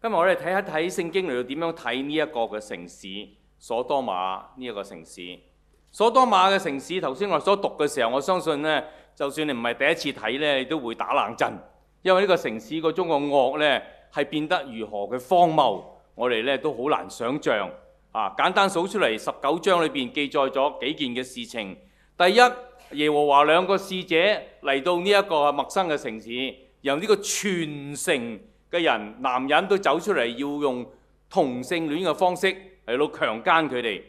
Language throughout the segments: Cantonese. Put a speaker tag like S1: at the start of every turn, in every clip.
S1: 今日我哋睇一睇聖經嚟到點樣睇呢一個嘅城市，所多瑪呢一個城市。所多瑪嘅城市，頭先我所讀嘅時候，我相信呢，就算你唔係第一次睇呢，你都會打冷震，因為呢個城市個中嘅惡呢，係變得如何嘅荒謬，我哋呢都好難想像。啊，簡單數出嚟，十九章裏邊記載咗幾件嘅事情。第一，耶和華兩個使者嚟到呢一個陌生嘅城市，由呢個全城嘅人，男人都走出嚟要用同性戀嘅方式嚟到強姦佢哋，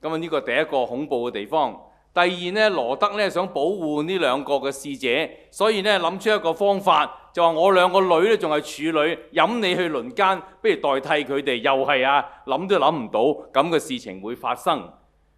S1: 咁啊，呢個第一個恐怖嘅地方。第二咧，羅德咧想保護呢兩個嘅使者，所以咧諗出一個方法，就話我兩個女咧仲係處女，引你去輪姦，不如代替佢哋。又係啊，諗都諗唔到咁嘅事情會發生。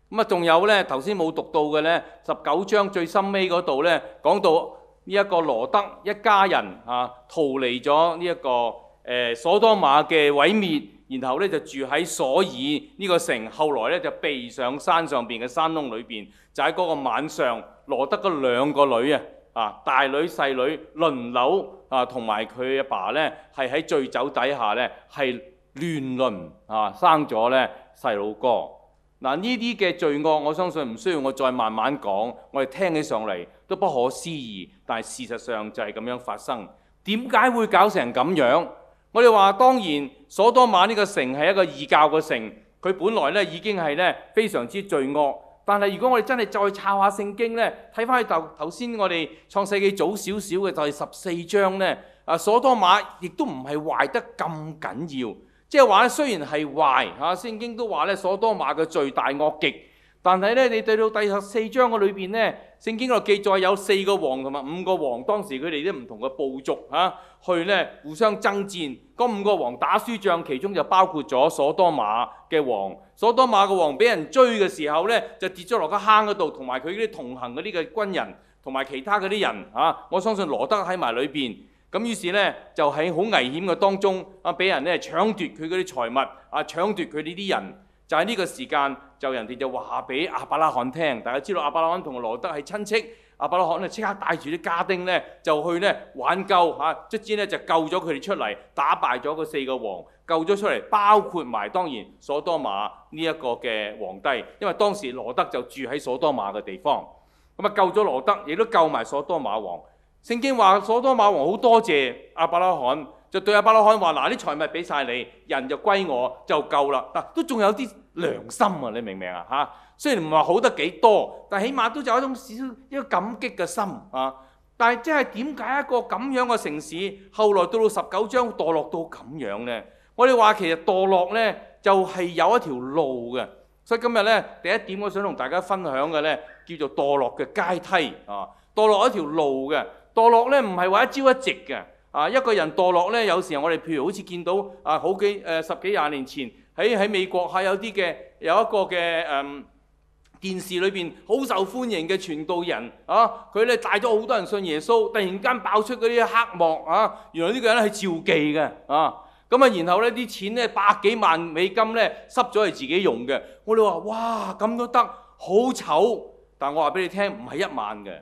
S1: 咁啊，仲有咧頭先冇讀到嘅咧，十九章最深尾嗰度咧講到。呢一個羅德一家人啊，逃離咗呢一個誒所、呃、多瑪嘅毀滅，然後咧就住喺所爾呢個城，後來咧就避上山上邊嘅山窿裏邊，就喺嗰個晚上，羅德嘅兩個女啊啊大女細女輪流啊，同埋佢阿爸咧係喺醉酒底下咧係亂倫啊生咗咧細佬哥。嗱呢啲嘅罪惡，我相信唔需要我再慢慢講，我哋聽起上嚟都不可思議。但係事實上就係咁樣發生。點解會搞成咁樣？我哋話當然，所多瑪呢個城係一個異教嘅城，佢本來咧已經係咧非常之罪惡。但係如果我哋真係再抄下聖經咧，睇翻頭頭先我哋創世紀早少少嘅第十四章咧，啊所多瑪亦都唔係壞得咁緊要。即係話咧，雖然係壞，嚇、啊、聖經都話咧，所多瑪嘅罪大惡極。但係咧，你對到第十四章嘅裏邊咧，聖經嗰度記載有四個王同埋五個王，當時佢哋啲唔同嘅部族嚇、啊，去咧互相爭戰。嗰五個王打輸仗，其中就包括咗所多瑪嘅王。所多瑪嘅王俾人追嘅時候咧，就跌咗落個坑嗰度，同埋佢啲同行嘅呢個軍人同埋其他嗰啲人嚇、啊。我相信羅德喺埋裏邊。咁於是呢，就喺好危險嘅當中啊，俾人咧搶奪佢嗰啲財物啊，搶奪佢呢啲人。就喺、係、呢個時間，就人哋就話俾阿伯拉罕聽。大家知道阿伯拉罕同羅德係親戚，阿伯拉罕咧即刻帶住啲家丁呢，就去呢挽救啊，即之咧就救咗佢哋出嚟，打敗咗嗰四個王，救咗出嚟，包括埋當然所多瑪呢一個嘅皇帝，因為當時羅德就住喺所多瑪嘅地方。咁救咗羅德，亦都救埋所多瑪王。聖經話所多瑪王好多謝阿巴拉罕，就對阿巴拉罕話：嗱，啲財物俾晒你，人就歸我，就夠啦。嗱，都仲有啲良心啊！你明唔明啊？嚇，雖然唔話好得幾多，但起碼都有一種少少一個感激嘅心啊。但係即係點解一個咁樣嘅城市，後來到到十九章墮落到咁樣咧？我哋話其實墮落咧就係有一條路嘅。所以今日咧第一點，我想同大家分享嘅咧叫做墮落嘅階梯啊，墮落一條路嘅。墮落咧唔係話一朝一夕嘅，啊一個人墮落咧，有時候我哋譬如好似見到啊，好幾誒十幾廿年前喺喺美國係有啲嘅有一個嘅誒、嗯、電視裏邊好受歡迎嘅傳道人，啊佢咧帶咗好多人信耶穌，突然間爆出嗰啲黑幕，啊原來呢個人係召妓嘅，啊咁啊，然後咧啲錢咧百幾萬美金咧濕咗係自己用嘅，我哋話哇咁都得，好醜，但我話俾你聽唔係一萬嘅。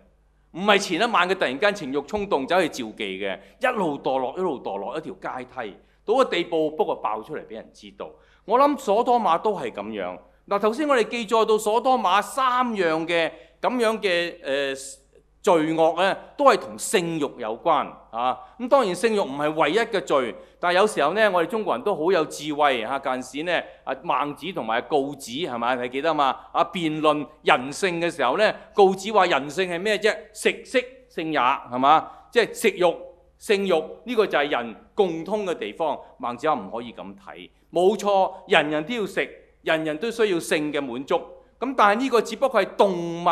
S1: 唔係前一晚嘅突然間情慾衝動走去召妓嘅，一路墮落一路墮落，一條階梯，到個地步，不過爆出嚟俾人知道。我諗所多瑪都係咁樣。嗱頭先我哋記載到所多瑪三樣嘅咁樣嘅誒。呃罪惡咧都係同性慾有關啊！咁當然性慾唔係唯一嘅罪，但係有時候咧，我哋中國人都好有智慧嚇。近時咧，阿、啊、孟子同埋、啊、告子係咪？你記得嘛？阿辯論人性嘅時候咧，告子話人性係咩啫？食色性也係嘛？即係、就是、食慾、性慾呢、呢個就係人共通嘅地方。孟子話唔可以咁睇，冇錯，人人都要食，人人都需要性嘅滿足。咁但係呢個只不過係動物。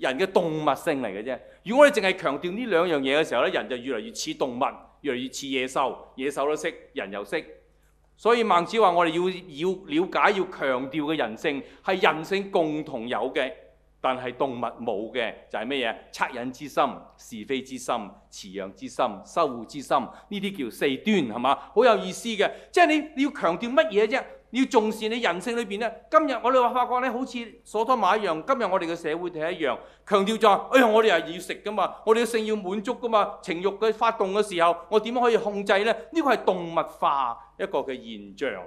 S1: 人嘅動物性嚟嘅啫，如果我哋淨係強調呢兩樣嘢嘅時候咧，人就越嚟越似動物，越嚟越似野獸，野獸都識，人又識。所以孟子話：我哋要要了解要強調嘅人性係人性共同有嘅，但係動物冇嘅就係咩嘢？惻隱之心、是非之心、辭讓之心、羞惡之心，呢啲叫四端係嘛？好有意思嘅，即係你你要強調乜嘢啫？你要重視你人性裏面，咧，今日我哋話發覺咧，好似所多瑪一樣，今日我哋嘅社會係一樣，強調就係、哎呀，我哋又要食㗎嘛，我哋嘅性要滿足㗎嘛，情欲嘅發動嘅時候，我點樣可以控制呢？呢個係動物化一個嘅現象。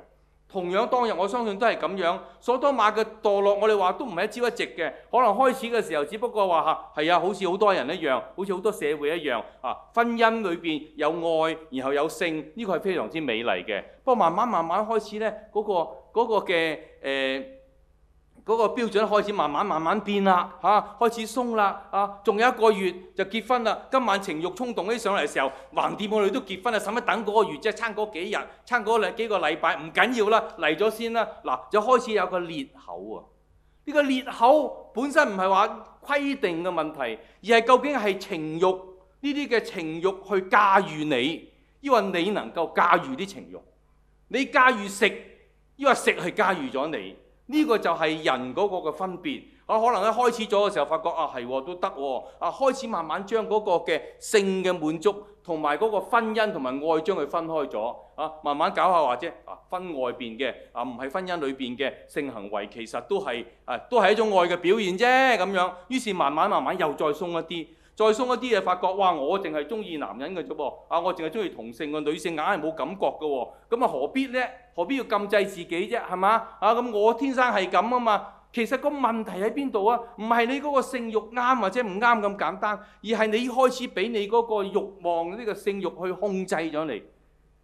S1: 同樣當日，我相信都係咁樣。所多瑪嘅墮落，我哋話都唔係一朝一夕嘅。可能開始嘅時候，只不過話嚇，係啊，好似好多人一樣，好似好多社會一樣，嚇、啊，婚姻裏邊有愛，然後有性，呢個係非常之美麗嘅。不過慢慢慢慢開始呢，嗰、嗰個嘅誒，嗰個嗰個標準開始慢慢慢慢變啦，嚇、啊、開始鬆啦，啊，仲有一個月就結婚啦，今晚情欲衝動起上嚟嘅時候，橫掂我哋都結婚啦，使乜等嗰個月啫？差嗰幾日，差嗰嚟幾，幾個禮拜唔緊要啦，嚟咗先啦。嗱、啊，就開始有個裂口喎。呢、啊呢個裂口本身唔係話規定嘅問題，而係究竟係情欲呢啲嘅情欲去駕馭你，抑或你能夠駕馭啲情欲。你駕馭食，抑或食係駕馭咗你。呢個就係人嗰個嘅分別，啊可能一開始咗嘅時候發覺啊係喎都得喎，啊，啊，啊開始慢慢將嗰個嘅性嘅滿足同埋嗰個婚姻同埋愛將佢分開咗，啊慢慢搞下話啫，啊分外邊嘅啊唔係婚姻裏邊嘅性行為其實都係啊都係一種愛嘅表現啫咁樣，於是慢慢慢慢又再鬆一啲。再鬆一啲就發覺哇！我淨係鍾意男人嘅啫噃，我淨係鍾意同性個女性，硬係冇感覺嘅喎。咁啊，何必呢？何必要禁制自己啫？係嘛？啊我天生係咁啊嘛。其實個問題喺邊度啊？唔係你嗰個性慾啱或者唔啱咁簡單，而係你開始俾你嗰個慾望呢個性慾去控制咗你。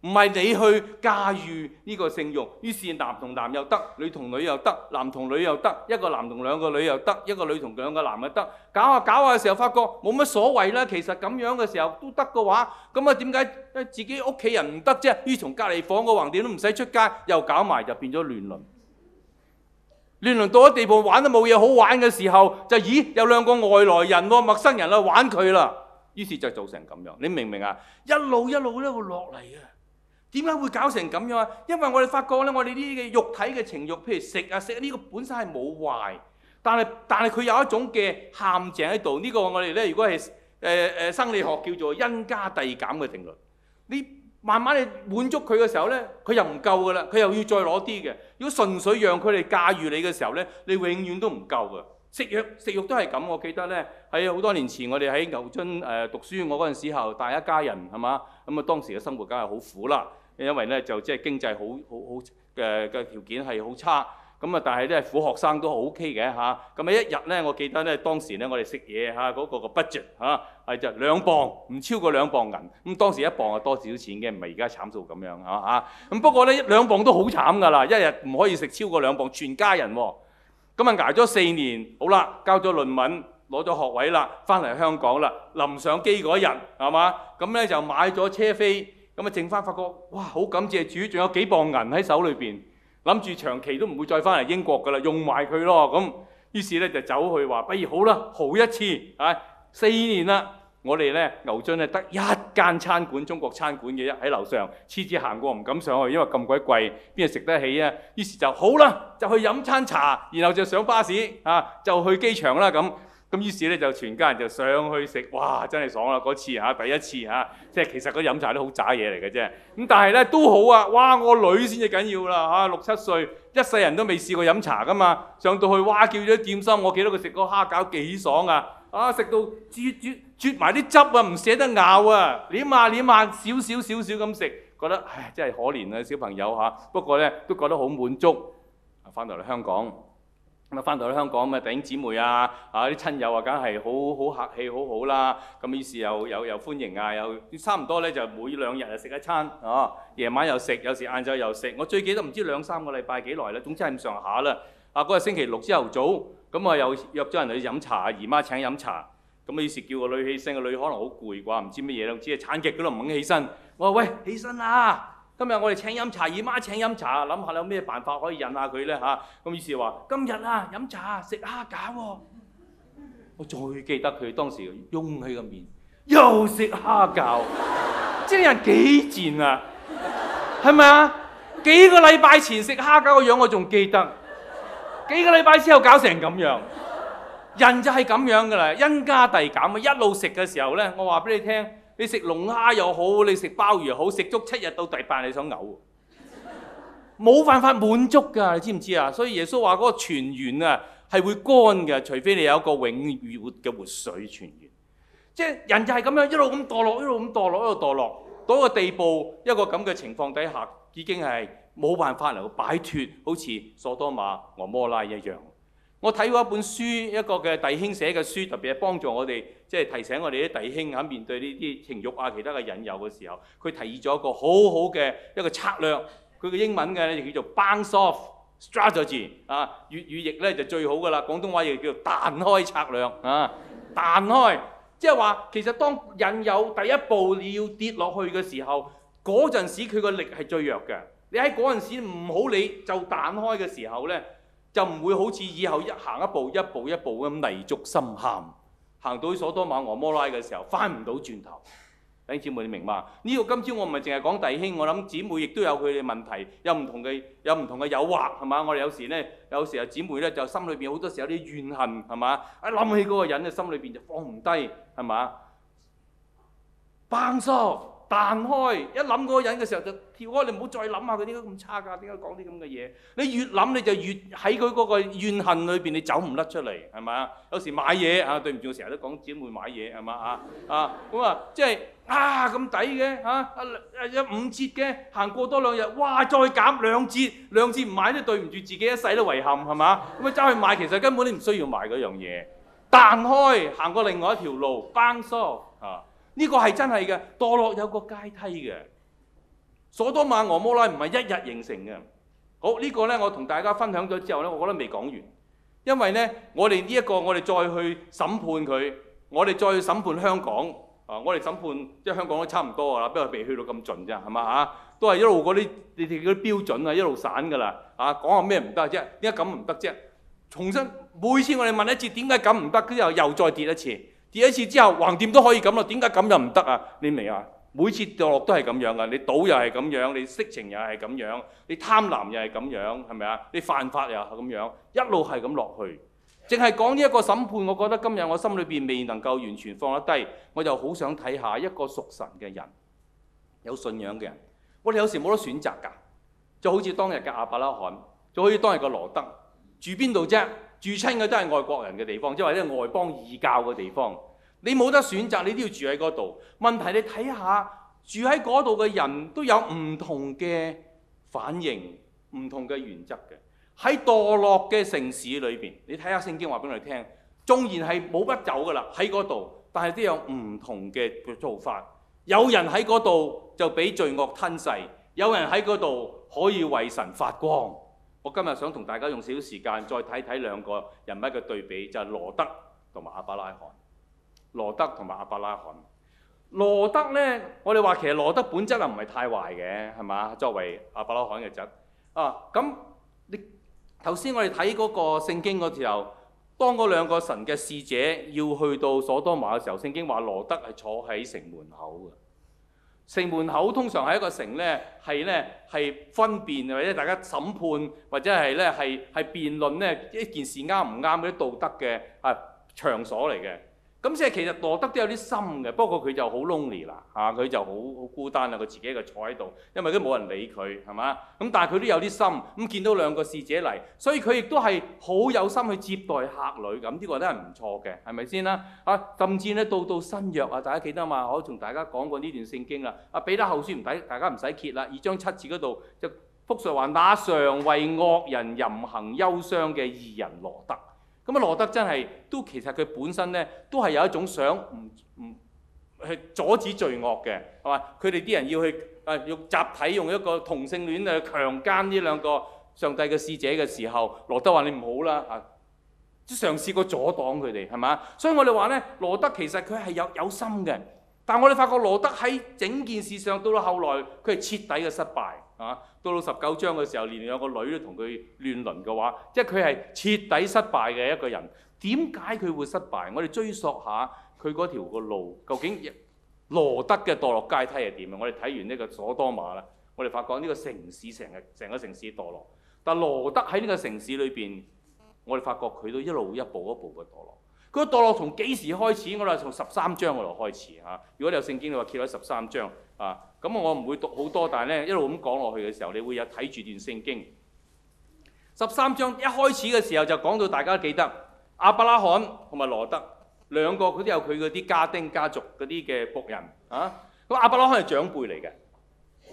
S1: 唔係你去駕馭呢個性慾，於是男同男又得，女同女又得，男同女又得，一個男同兩個女又得，一個女同兩個男又得。搞下搞下嘅時候，發覺冇乜所謂啦。其實咁樣嘅時候都得嘅話，咁啊點解自己屋企人唔得啫？於是從隔離房個橫掂都唔使出街，又搞埋就變咗亂倫。亂倫到咗地步玩都冇嘢好玩嘅時候，就咦有兩個外來人喎，陌生人啦玩佢啦，於是就造成咁樣。你明唔明啊？一路一路咧會落嚟嘅。點解會搞成咁樣啊？因為我哋發覺咧，我哋呢啲嘅肉體嘅情慾，譬如食啊食呢、呢個本身係冇壞，但係但係佢有一種嘅陷阱喺度。呢、呢個我哋咧，如果係誒誒生理學叫做因加遞減嘅定律。你慢慢你滿足佢嘅時候咧，佢又唔夠噶啦，佢又要再攞啲嘅。如果純粹讓佢哋駕馭你嘅時候咧，你永遠都唔夠噶。食藥食慾都係咁，我記得咧喺好多年前我哋喺牛津誒讀書，我嗰陣時候帶一家人係嘛，咁啊、嗯、當時嘅生活梗係好苦啦。因為咧就即係經濟好好好嘅，嘅條件係好差，咁啊但係咧苦學生都 OK 嘅吓。咁啊一日咧，我記得咧當時咧我哋食嘢吓嗰個個 budget 吓係就兩磅，唔超過兩磅銀。咁當時一磅係多少錢嘅？唔係而家慘數咁樣吓。啊！咁不過咧一兩磅都好慘㗎啦，一日唔可以食超過兩磅，全家人喎。咁啊捱咗四年，好啦，交咗論文，攞咗學位啦，翻嚟香港啦。臨上機嗰日係嘛？咁咧就買咗車飛。咁啊，淨翻發覺，哇！好感謝主，仲有幾磅銀喺手裏邊，諗住長期都唔會再翻嚟英國噶啦，用埋佢咯。咁於是咧就走去話，不如好啦，豪一次啊！四年啦，我哋咧牛津咧得一間餐館，中國餐館嘅啫，喺樓上，次次行過唔敢上去，因為咁鬼貴，邊度食得起啊？於是就好啦，就去飲餐茶，然後就上巴士啊，就去機場啦咁。啊咁於是咧就全家人就上去食，哇！真係爽啦嗰次嚇，第一次嚇，即係其實個飲茶都好渣嘢嚟嘅啫。咁但係咧都好啊，哇！我個女先至緊要啦嚇，六、啊、七歲，一世人都未試過飲茶噶嘛，上到去哇叫咗點心，我記得佢食個蝦餃幾爽啊！啊，食到啜啜啜埋啲汁啊，唔捨得咬啊，舐下舐下少少少少咁食，覺得唉真係可憐啊小朋友嚇、啊。不過咧都覺得好滿足，啊翻到嚟香港。咁啊翻到去香港啊，弟兄姊妹啊，啊啲親友啊，梗係好好客氣，好好啦。咁於是又又又歡迎啊，又差唔多咧，就每兩日啊食一餐啊，夜晚又食，有時晏晝又食。我最記得唔知兩三個禮拜幾耐啦，總之係咁上下啦。啊，嗰日星期六朝頭早，咁、嗯、啊又約咗人去飲茶，姨媽請飲茶。咁於是叫個女起身，個女可能好攰啩，唔知乜嘢啦，知係慘極嗰都唔肯起身。我話喂，起身啦！今日我哋請飲茶，姨媽請飲茶，諗下有咩辦法可以引下佢呢？吓、啊？咁於是話今日啊飲茶食蝦、啊、蝦餃。我最記得佢當時鬱起個面，又食蝦餃，知啲人幾賤啊？係咪啊？幾個禮拜前食蝦餃個樣我仲記得，幾個禮拜之後搞成咁樣，人就係咁樣㗎啦，因家遞減。一路食嘅時候呢，我話俾你聽。你食龍蝦又好，你食鮑魚又好，食足七日到第八，你想嘔冇 辦法滿足㗎。你知唔知啊？所以耶穌話嗰個泉源啊係會乾嘅，除非你有一個永遠活嘅活水泉源。即係人就係咁樣一路咁墮落，一路咁墮落，一路墮落嗰個地步，一個咁嘅情況底下已經係冇辦法能夠擺脱，好似所多瑪和蛾摩拉一樣。我睇過一本書，一個嘅弟兄寫嘅書，特別係幫助我哋，即係提醒我哋啲弟兄喺面對呢啲情慾啊、其他嘅引誘嘅時候，佢提議咗一個好好嘅一個策略。佢嘅英文嘅就叫做 bounce off strategy，啊，粵語，語譯咧就最好㗎啦，廣東話又叫做彈開策略啊，彈開，即係話其實當引誘第一步你要跌落去嘅時候，嗰陣時佢個力係最弱嘅。你喺嗰陣時唔好理就彈開嘅時候咧，就唔會好似以後一行一步，一步一步咁泥足深陷，行到所多瑪俄摩拉嘅時候翻唔到轉頭。等姐妹你明白？呢個今朝我唔係淨係講弟兄，我諗姊妹亦都有佢哋問題，有唔同嘅有唔同嘅誘惑係嘛？我哋有時呢，有時候姊妹呢，就心裏邊好多時有啲怨恨係嘛？一諗起嗰個人咧，心裏邊就放唔低係嘛？崩縮。彈開，一諗嗰個人嘅時候就跳開，你唔好再諗下佢點解咁差㗎，點解講啲咁嘅嘢？你越諗你就越喺佢嗰個怨恨裏邊，你走唔甩出嚟，係咪啊？有時買嘢嚇、啊，對唔住，我成日都講姊妹買嘢係咪啊？啊，咁啊，即係啊咁抵嘅嚇，一、啊、五折嘅，行過多兩日，哇，再減兩折，兩折唔買都對唔住自己一世都遺憾，係咪啊？咁啊走去買，其實根本你唔需要買嗰樣嘢，彈開，行過另外一條路 b a 呢個係真係嘅，墮落有個階梯嘅。所多瑪俄摩拉唔係一日形成嘅。好呢、呢個呢，我同大家分享咗之後呢，我覺得未講完，因為呢，我哋呢一個我哋再去審判佢，我哋再去審判香港啊，我哋審判即係香港都差唔多噶啦，不過未去到咁盡啫，係嘛嚇？都係一路嗰啲你哋啲標準啊，一路散噶啦啊，講下咩唔得啫？點解咁唔得啫？重新每次我哋問一次，點解咁唔得，跟住又再跌一次。跌一次之後橫掂都可以咁咯，點解咁又唔得啊？你明啊？每次掉落都係咁樣噶，你賭又係咁樣，你色情又係咁樣，你貪婪又係咁樣，係咪啊？你犯法又係咁樣，一路係咁落去。淨係講呢一個審判，我覺得今日我心裏邊未能夠完全放得低，我就好想睇下一個屬神嘅人，有信仰嘅人。我哋有時冇得選擇㗎，就好似當日嘅阿伯拉罕，就好似當日嘅羅得，住邊度啫？住親嘅都係外國人嘅地方，即係或者外邦異教嘅地方，你冇得選擇，你都要住喺嗰度。問題你睇下，住喺嗰度嘅人都有唔同嘅反應、唔同嘅原則嘅。喺墮落嘅城市裏邊，你睇下聖經話俾我哋聽，縱然係冇得走噶啦，喺嗰度，但係都有唔同嘅做法。有人喺嗰度就俾罪惡吞噬，有人喺嗰度可以為神發光。我今日想同大家用少少時間再睇睇兩個人物嘅對比，就係、是、羅德同埋阿伯拉罕。羅德同埋阿伯拉罕。羅德呢，我哋話其實羅德本質啊唔係太壞嘅，係嘛？作為阿伯拉罕嘅侄啊，咁你頭先我哋睇嗰個聖經嗰時候，當嗰兩個神嘅使者要去到所多瑪嘅時候，聖經話羅德係坐喺城門口嘅。城門口通常係一個城，呢係呢係分辨，或者大家審判，或者係呢係係辯論呢一件事啱唔啱嗰啲道德嘅啊場所嚟嘅。咁即係其實羅德都有啲心嘅，不過佢就好 lonely 啦，嚇佢就好好孤單啦，佢自己一個坐喺度，因為都冇人理佢，係嘛？咁但係佢都有啲心，咁見到兩個侍者嚟，所以佢亦都係好有心去接待客旅。咁，呢個都係唔錯嘅，係咪先啦？啊，甚至咧到到新約啊，大家記得嘛？我同大家講過呢段聖經啦。阿彼得後書唔使，大家唔使揭啦。二章七節嗰度就復述話那常為惡人淫行憂傷嘅義人羅德。咁啊，羅德真係都其實佢本身咧，都係有一種想唔唔去阻止罪惡嘅，係嘛？佢哋啲人要去啊，要、呃、集體用一個同性戀去強姦呢兩個上帝嘅使者嘅時候，羅德話你唔好啦啊，即嘗試過阻擋佢哋，係嘛？所以我哋話咧，羅德其實佢係有有心嘅，但我哋發覺羅德喺整件事上到到後來，佢係徹底嘅失敗。啊！到到十九章嘅時候，連兩個女都同佢亂倫嘅話，即係佢係徹底失敗嘅一個人。點解佢會失敗？我哋追溯下佢嗰條路，究竟羅德嘅墮落階梯係點啊？我哋睇完呢個所多瑪啦，我哋發覺呢個城市成日成個城市墮落，但係羅德喺呢個城市裏邊，我哋發覺佢都一路一步一步嘅墮落。佢、嗰個、墮落從幾時開始？我哋從十三章嗰度開始嚇。如果你有聖經嘅話，揭咗十三章。啊，咁我唔會讀好多，但係咧一路咁講落去嘅時候，你會有睇住段聖經。十三章一開始嘅時候就講到大家記得，亞伯拉罕同埋羅德兩個佢都有佢嗰啲家丁家族嗰啲嘅僕人啊。咁亞伯拉罕係長輩嚟嘅，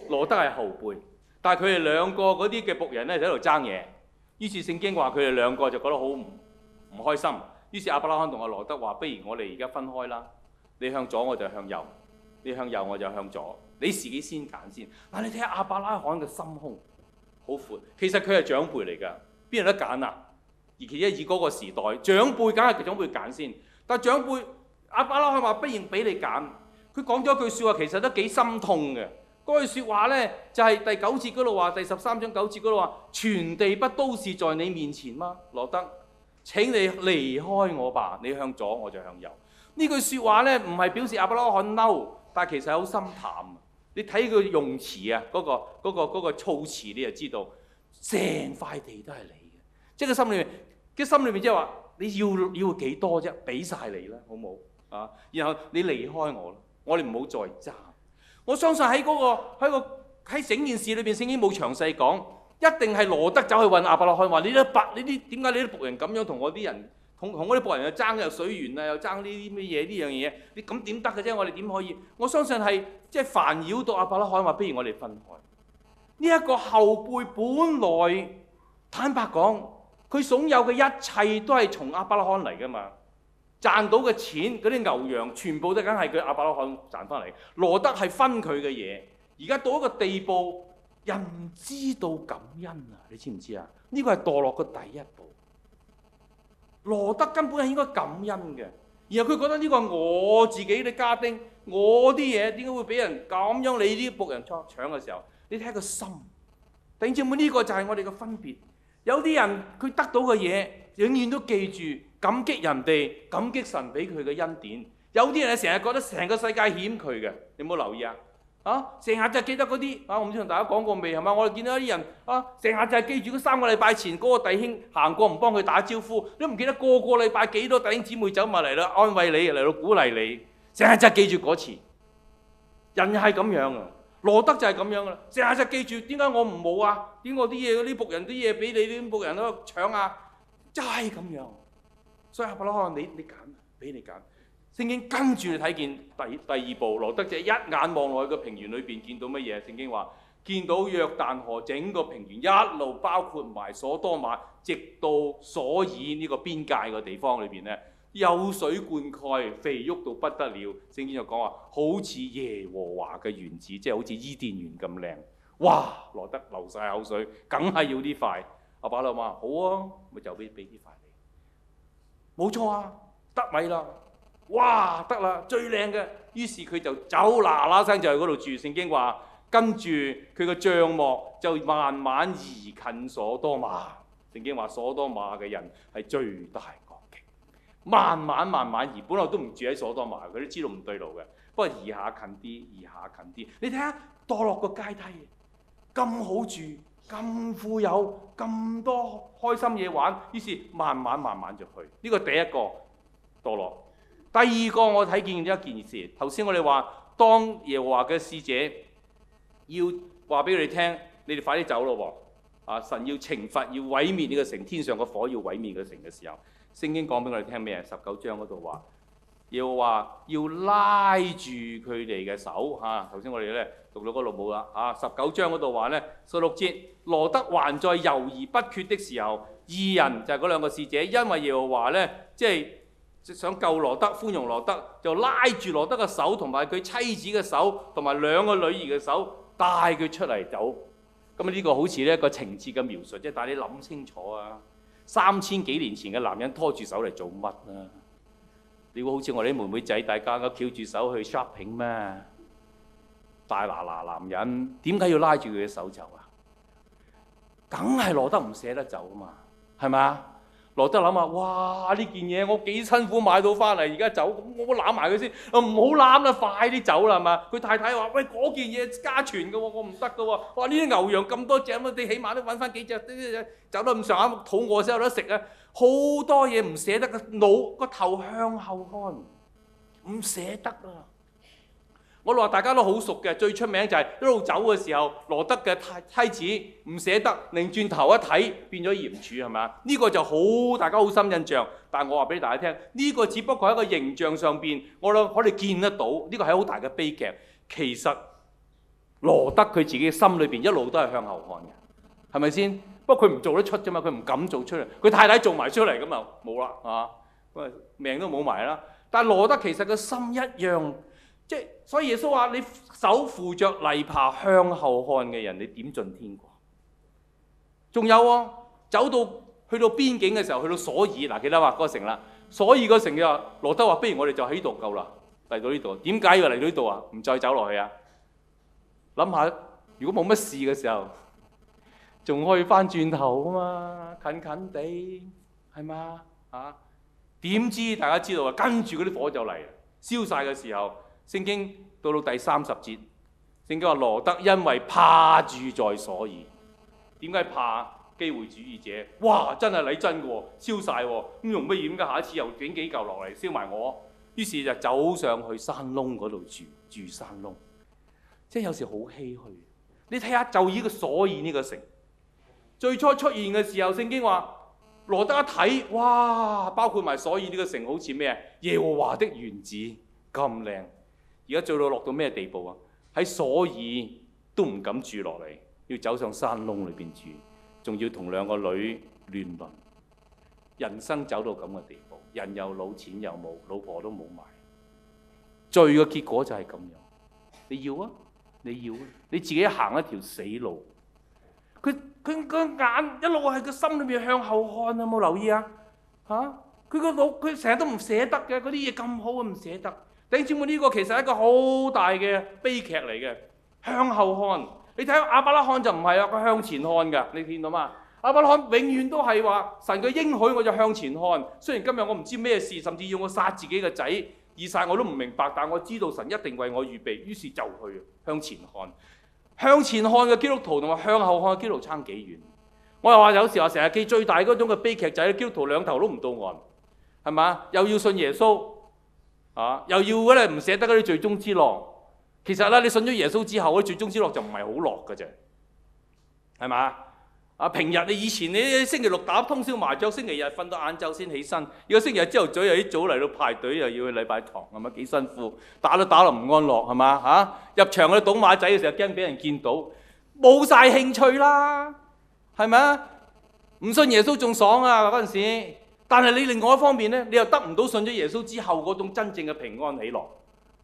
S1: 羅德係後輩，但係佢哋兩個嗰啲嘅僕人咧就喺度爭嘢，於是聖經話佢哋兩個就覺得好唔唔開心，於是亞伯拉罕同阿羅德話：不如我哋而家分開啦，你向左我就向右。你向右我就向左，你自己先揀先。嗱，你睇下亞伯拉罕嘅心胸好闊，其實佢係長輩嚟㗎，邊有得揀啊？而其一、以嗰個時代，長輩梗係長輩揀先。但長輩亞伯拉罕話：不然俾你揀。佢講咗一句説話，其實都幾心痛嘅。嗰句説話咧，就係、是、第九節嗰度話，第十三章九節嗰度話：全地不都是在你面前嗎？羅德，請你離開我吧。你向左我就向右。句呢句説話咧，唔係表示亞伯拉罕嬲。但係其實好心淡，你睇佢用詞啊，嗰個嗰個嗰個措詞，你就知道成塊地都係你嘅，即係個心裏面，啲心裏面即係話你要要幾多啫？俾晒你啦，好冇啊！然後你離開我啦，我哋唔好再爭。我相信喺嗰個喺個喺整件事裏邊，聖經冇詳細講，一定係羅得走去揾亞伯拉罕話：你啲白，呢啲點解你啲僕人咁樣同我啲人？同同嗰啲博人又爭又水源啊，又爭呢啲咩嘢呢樣嘢，你咁點得嘅啫？我哋點可以？我相信係即係煩擾到阿伯拉罕話，不如我哋分開。呢、這、一個後輩，本來坦白講，佢所有嘅一切都係從阿伯拉罕嚟噶嘛，賺到嘅錢嗰啲牛羊，全部都梗係佢阿伯拉罕賺翻嚟，羅德係分佢嘅嘢。而家到一個地步，人唔知道感恩啊？你知唔知啊？呢、這個係墮落嘅第一步。羅德根本係應該感恩嘅，然後佢覺得呢個我自己嘅家丁，我啲嘢點解會俾人咁樣你啲僕人搶嘅時候？你睇下個心，頂正冇，呢個就係我哋嘅分別。有啲人佢得到嘅嘢，永遠都記住感激人哋，感激神俾佢嘅恩典。有啲人咧，成日覺得成個世界險佢嘅，你冇留意啊？啊！成日就係記得嗰啲啊，我唔知同大家講過未係嘛？我哋見到啲人啊，成日就係記住嗰三個禮拜前嗰個弟兄行過唔幫佢打招呼，你都唔記得個個禮拜幾多弟兄姊妹走埋嚟啦，安慰你嚟到鼓勵你，成日就係記住嗰次。人係咁樣啊，羅德就係咁樣啦，成日就記住點解我唔冇啊？點解我啲嘢嗰啲僕人啲嘢俾你啲僕人都搶啊？真係咁樣。所以阿伯羅，你你揀，俾你揀。你聖經跟住你睇見第第二步，羅得姐一眼望落去個平原裏邊，見到乜嘢？聖經話見到約旦河整個平原一路，包括埋所多瑪，直到所耳呢個邊界嘅地方裏邊呢，有水灌溉，肥沃到不得了。聖經就講話，好似耶和華嘅園子，即係好似伊甸園咁靚。哇！羅得流晒口水，梗係要呢塊。阿爸阿媽好啊，咪就俾俾呢塊你。冇錯啊，得米啦。哇！得啦，最靚嘅。於是佢就走，嗱嗱聲就喺嗰度住。聖經話：跟住佢個帳幕就慢慢移近所多瑪。聖經話所多瑪嘅人係最大惡極。慢慢慢慢移，本來都唔住喺所多瑪，佢都知道唔對路嘅。不過移下近啲，移下近啲。你睇下墮落個階梯，咁好住，咁富有，咁多開心嘢玩。於是慢慢慢慢就去。呢個第一個墮落。第二個我睇見一件事，頭先我哋話當耶和華嘅使者要話俾佢哋聽，你哋快啲走咯喎！啊，神要懲罰，要毀滅呢個城，天上個火要毀滅個城嘅時候，聖經講俾我哋聽咩？十九章嗰度話要話要拉住佢哋嘅手嚇。頭先我哋咧讀到嗰度冇啦嚇。十九章嗰度話咧十六節，羅德還在猶豫不決的時候，二人就係嗰兩個使者，因為耶和華咧即係。想救羅德，寬容羅德，就拉住羅德嘅手，同埋佢妻子嘅手，同埋兩個女兒嘅手，帶佢出嚟走。咁呢個好似呢一個情節嘅描述，即係但係你諗清楚啊，三千幾年前嘅男人拖住手嚟做乜啊？你會好似我哋啲妹妹仔大家咁翹住手去 shopping 咩？大嗱嗱男人點解要拉住佢嘅手走啊？梗係羅德唔捨得走啊嘛，係咪啊？羅德諗下，哇！呢件嘢我幾辛苦買到翻嚟，而家走，我攬埋佢先。唔好攬啦，快啲走啦，係嘛？佢太太話：「喂，嗰件嘢家傳嘅喎，我唔得㗎喎」。我話：呢啲牛羊咁多隻，你起碼都揾翻幾隻？走得咁上下，肚餓先有得食啊！好多嘢唔捨得，個腦個頭向後看，唔捨得啊！我話大家都好熟嘅，最出名就係一路走嘅時候，羅德嘅妻子唔捨得，擰轉頭一睇變咗鹽柱，係咪啊？呢個就好大家好深印象。但係我話俾大家聽，呢個只不過係一個形象上邊，我諗可以見得到。呢個係好大嘅悲劇。其實羅德佢自己心裏邊一路都係向後看嘅，係咪先？不過佢唔做得出啫嘛，佢唔敢做出嚟。佢太太做埋出嚟咁就冇啦，係嘛？咁啊命都冇埋啦。但係羅德其實個心一樣。即係，所以耶穌話：你手扶着泥爬向後看嘅人，你點進天國？仲有啊，走到去到邊境嘅時候，去到所爾嗱，記得嘛，嗰個城啦。所爾個城羅就羅德話：不如我哋就喺度夠啦，嚟到呢度。點解要嚟到呢度啊？唔再走落去啊？諗下，如果冇乜事嘅時候，仲可以翻轉頭啊嘛，近近地係嘛啊？點知大家知道啊？跟住嗰啲火就嚟，啊，燒晒嘅時候。聖經到到第三十節，聖經話羅德因為怕住在所以。點解怕機會主義者？哇！真係理真嘅喎，燒曬喎，咁、嗯、容乜嘢？咁下一次又整幾嚿落嚟燒埋我。於是就走上去山窿嗰度住，住山窿。即係有時好唏噓。你睇下就以個所以呢個城，最初出現嘅時候，聖經話羅德一睇，哇！包括埋所以呢個城好似咩耶和華的園子咁靚。而家做到落到咩地步啊？喺索珥都唔敢住落嚟，要走上山窿裏邊住，仲要同兩個女亂倫，人生走到咁嘅地步，人又老，錢又冇，老婆都冇埋，醉嘅結果就係咁樣。你要啊？你要啊？你自己行一條死路。佢佢個眼一路喺個心裏面向後看啊！有冇留意啊？嚇？佢個腦佢成日都唔捨得嘅嗰啲嘢咁好唔捨得。頂，姊妹，呢個其實係一個好大嘅悲劇嚟嘅。向後看，你睇阿伯拉罕就唔係啊，佢向前看嘅。你見到嘛？阿伯拉罕永遠都係話神嘅應許，我就向前看。雖然今日我唔知咩事，甚至要我殺自己嘅仔，以撒我都唔明白，但我知道神一定為我預備，於是就去向前看。向前看嘅基督徒同埋向後看嘅基督徒差幾遠？我又話有時我成日記最大嗰種嘅悲劇就係、是、基督徒兩頭都唔到岸，係嘛？又要信耶穌。啊！又要嗰啲唔捨得嗰啲罪中之樂。其實咧，你信咗耶穌之後，嗰啲罪中之樂就唔係好樂嘅啫，係嘛？啊！平日你以前你星期六打通宵麻雀，星期日瞓到晏晝先起身。如果星期日朝頭早又早嚟到排隊，又要去禮拜堂，咁啊幾辛苦，打都打到唔安樂，係嘛？嚇、啊！入場去賭馬仔嘅時候，驚俾人見到，冇晒興趣啦，係咪啊？唔信耶穌仲爽啊嗰陣時。但係你另外一方面咧，你又得唔到信咗耶穌之後嗰種真正嘅平安喜樂，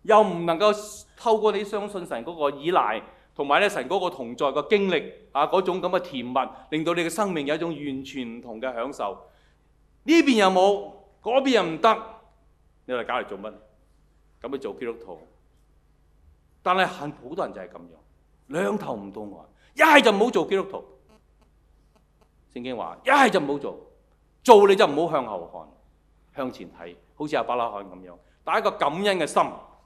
S1: 又唔能夠透過你相信神嗰個依賴，同埋咧神嗰個同在嘅經歷啊嗰種咁嘅甜蜜，令到你嘅生命有一種完全唔同嘅享受。呢邊又冇，嗰邊又唔得，你嚟搞嚟做乜？咁去做基督徒，但係好多人就係咁樣，兩頭唔到岸！一係就唔好做基督徒，聖經話一係就唔好做。做你就唔好向後看，向前睇，好似亞伯拉罕咁樣，帶一個感恩嘅心。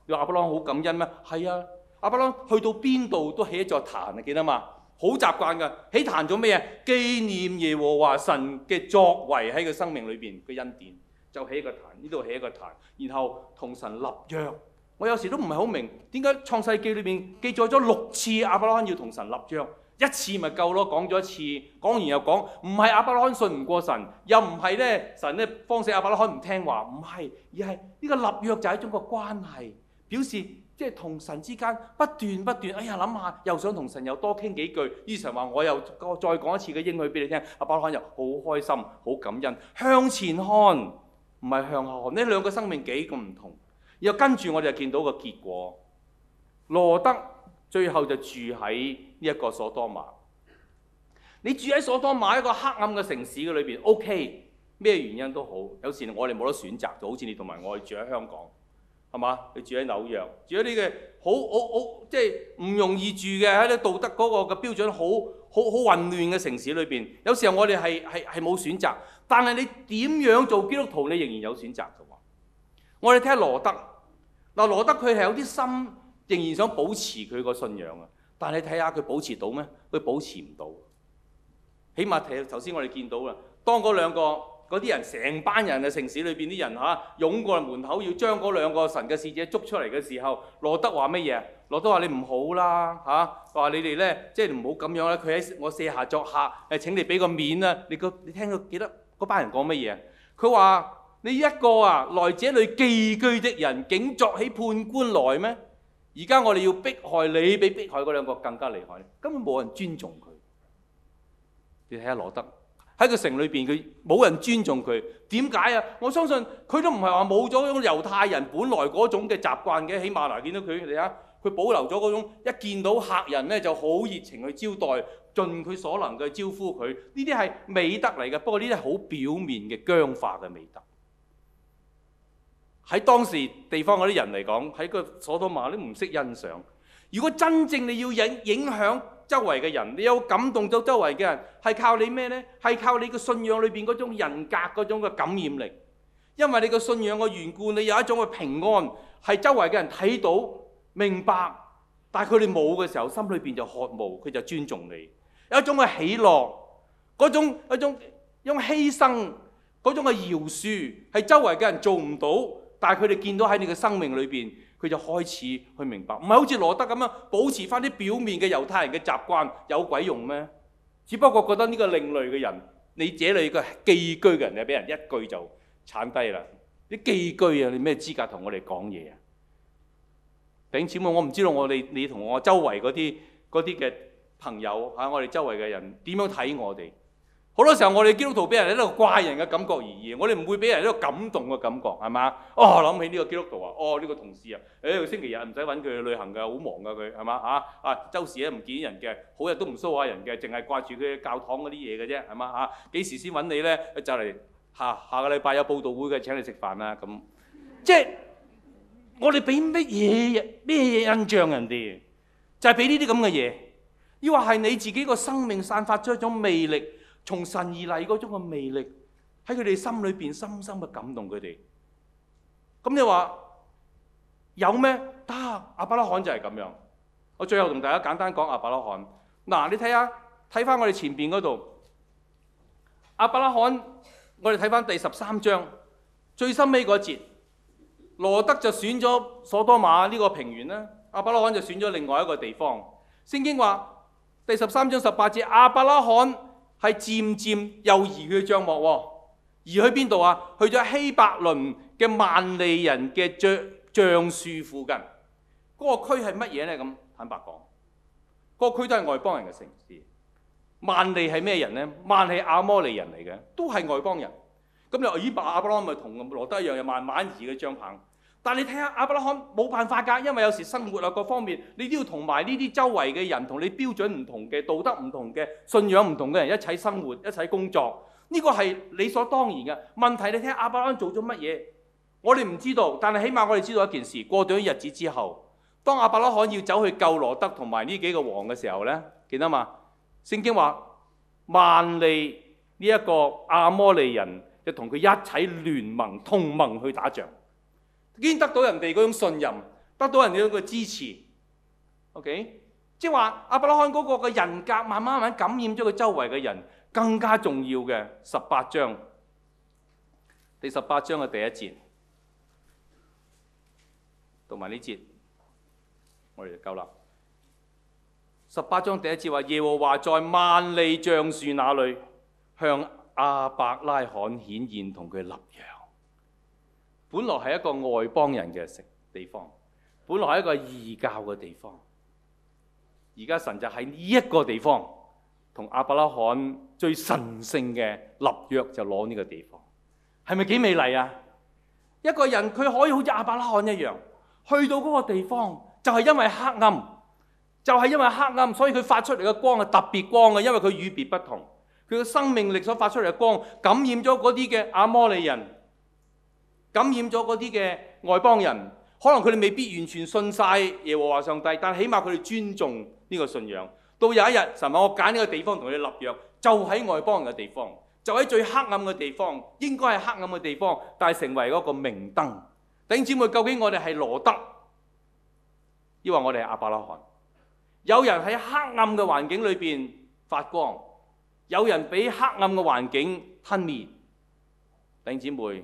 S1: 你話亞伯拉罕好感恩咩？係啊，亞伯拉罕去到邊度都起一座壇，你記得嘛？好習慣㗎，起壇做咩啊？紀念耶和華神嘅作為喺佢生命裏邊嘅恩典，就起一個壇，呢度起一個壇，然後同神立約。我有時都唔係好明點解創世記裏面記載咗六次亞伯拉罕要同神立約。一次咪夠咯，講咗一次，講完又講，唔係亞伯拉罕信唔過神，又唔係咧，神咧方死亞伯拉罕唔聽話，唔係，而係呢個立約就係一種個關係，表示即係同神之間不斷不斷，哎呀諗下又想同神又多傾幾句，呢神話我又再講一次嘅應許俾你聽，亞伯拉罕又好開心，好感恩，向前看，唔係向後看，呢兩個生命幾咁唔同。又跟住我哋就見到個結果，羅德最後就住喺。呢一個索多瑪，你住喺索多瑪一個黑暗嘅城市嘅裏邊，O K，咩原因都好，有時我哋冇得選擇，就好似你同埋我哋住喺香港，係嘛？你住喺紐約，住喺呢個好好好，即係唔容易住嘅喺啲道德嗰個嘅標準好好好混亂嘅城市裏邊，有時候我哋係係係冇選擇，但係你點樣做基督徒，你仍然有選擇嘅喎。我哋聽下羅德，嗱羅德佢係有啲心，仍然想保持佢個信仰啊。但你睇下佢保持到咩？佢保持唔到。起碼頭頭先我哋見到啦，當嗰兩個嗰啲人成班人喺城市裏邊啲人嚇湧、啊、過門口要將嗰兩個神嘅使者捉出嚟嘅時候，羅德話乜嘢？羅德話你唔好啦嚇，話你哋咧即係唔好咁樣啦。佢、啊、喺我舍下作客，誒請你俾個面啦。你個你聽佢記得嗰班人講乜嘢？佢話你一個啊來者裡寄居的人，竟作起判官來咩？而家我哋要迫害你，比迫害嗰兩個更加厲害。根本冇人尊重佢。你睇下羅德喺個城裏邊，佢冇人尊重佢。點解啊？我相信佢都唔係話冇咗嗰種猶太人本來嗰種嘅習慣嘅。起碼嗱，見到佢哋啊，佢保留咗嗰種一見到客人咧就好熱情去招待，盡佢所能去招呼佢。呢啲係美德嚟嘅，不過呢啲係好表面嘅僵化嘅美德。喺當時地方嗰啲人嚟講，喺個所多瑪都唔識欣賞。如果真正你要引影響周圍嘅人，你有感動到周圍嘅人，係靠你咩呢？係靠你個信仰裏邊嗰種人格嗰種嘅感染力。因為你個信仰嘅緣故，你有一種嘅平安，係周圍嘅人睇到明白。但係佢哋冇嘅時候，心裏邊就渴慕，佢就尊重你。有一種嘅喜樂，嗰種一種有犧牲，嗰種嘅饒恕，係周圍嘅人做唔到。但係佢哋見到喺你嘅生命裏邊，佢就開始去明白，唔係好似羅德咁樣保持翻啲表面嘅猶太人嘅習慣，有鬼用咩？只不過覺得呢個另類嘅人，你這類嘅寄居嘅人你俾人一句就鏟低啦！你寄居啊，你咩資格同我哋講嘢啊？頂少冇，我唔知道我哋，你同我周圍嗰啲嗰啲嘅朋友嚇，我哋周圍嘅人點樣睇我哋？好多時候，我哋基督徒俾人一個怪人嘅感覺而已，我哋唔會俾人一個感動嘅感覺係嘛？哦，諗起呢個基督徒啊，哦呢、這個同事啊，喺、哎、星期日唔使揾佢去旅行㗎，好忙㗎佢係嘛嚇啊，週時咧唔見人嘅，好日都唔騷下人嘅，淨係掛住佢教堂嗰啲嘢嘅啫係嘛嚇？幾、啊、時先揾你咧？就、啊、嚟下下個禮拜有佈道會嘅，請你食飯啊。咁。即係我哋俾乜嘢咩嘢印象人哋？就係俾呢啲咁嘅嘢，抑或係你自己個生命散發出一種魅力？從神而嚟嗰種嘅魅力，喺佢哋心裏邊深深嘅感動佢哋。咁你話有咩？得、啊、阿伯拉罕就係咁樣。我最後同大家簡單講阿伯拉罕。嗱、啊，你睇下睇翻我哋前邊嗰度，阿伯拉罕，我哋睇翻第十三章最深尾嗰節，羅得就選咗索多瑪呢個平原啦。阿伯拉罕就選咗另外一個地方。聖經話第十三章十八節，阿伯拉罕。係漸漸又移去帳幕喎、哦，移去邊度啊？去咗希伯倫嘅萬利人嘅橡、橡樹附近。嗰、嗰個區係乜嘢咧？咁坦白講，嗰、嗰個區都係外邦人嘅城市。萬利係咩人咧？萬利亞摩利人嚟嘅，都係外邦人。咁你話咦？亞伯拉罕咪同羅得一樣，又慢慢移嘅帳棚。但你睇下，亞伯拉罕冇辦法㗎，因為有時生活啊，各方面，你都要同埋呢啲周圍嘅人，同你標準唔同嘅、道德唔同嘅、信仰唔同嘅人一齊生活、一齊工作，呢個係理所當然嘅。問題，你睇亞伯拉罕做咗乜嘢？我哋唔知道，但係起碼我哋知道一件事：過咗一日之後，當亞伯拉罕要走去救羅德同埋呢幾個王嘅時候咧，記得嘛？聖經話萬利呢一個亞摩利人就同佢一齊聯盟、同盟去打仗。已經得到人哋嗰種信任，得到人哋嗰個支持。OK，即係話阿伯拉罕嗰個嘅人格，慢慢慢感染咗佢周圍嘅人。更加重要嘅十八章，第十八章嘅第一節，讀埋呢節，我哋就夠啦。十八章第一節話：耶和華在幔利橡樹那裏向阿伯拉罕顯現，同佢立約。本來係一個外邦人嘅城地方，本來係一個異教嘅地方。而家神就喺呢一個地方，同阿伯拉罕最神聖嘅立約就攞呢個地方，係咪幾美麗啊？一個人佢可以好似阿伯拉罕一樣，去到嗰個地方，就係因為黑暗，就係因為黑暗，所以佢發出嚟嘅光係特別光嘅，因為佢與別不同。佢嘅生命力所發出嚟嘅光感染咗嗰啲嘅阿摩利人。感染咗嗰啲嘅外邦人，可能佢哋未必完全信晒耶和華上帝，但起碼佢哋尊重呢個信仰。到有一日，尋日我揀呢個地方同佢哋立約，就喺外邦人嘅地方，就喺最黑暗嘅地方，應該係黑暗嘅地方，但係成為嗰個明燈。頂姊妹，究竟我哋係羅得？抑或我哋係亞伯拉罕？有人喺黑暗嘅環境裏邊發光，有人俾黑暗嘅環境吞滅。頂姊妹。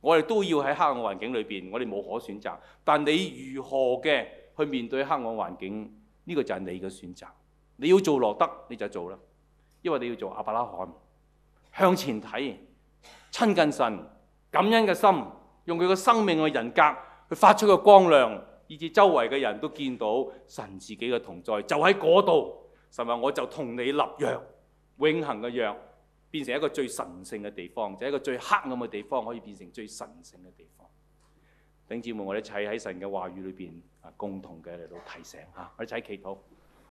S1: 我哋都要喺黑暗環境裏邊，我哋冇可選擇。但你如何嘅去面對黑暗環境？呢個就係你嘅選擇。你要做羅德，你就做啦；因為你要做阿伯拉罕，向前睇，親近神，感恩嘅心，用佢嘅生命嘅人格去發出個光亮，以至周圍嘅人都見到神自己嘅同在，就喺嗰度。神話我就同你立約，永恆嘅約。變成一個最神聖嘅地方，就係、是、一個最黑暗嘅地方，可以變成最神聖嘅地方。弟兄姊妹，我哋一齊喺神嘅話語裏面共同嘅嚟到提醒，我哋一齊祈禱。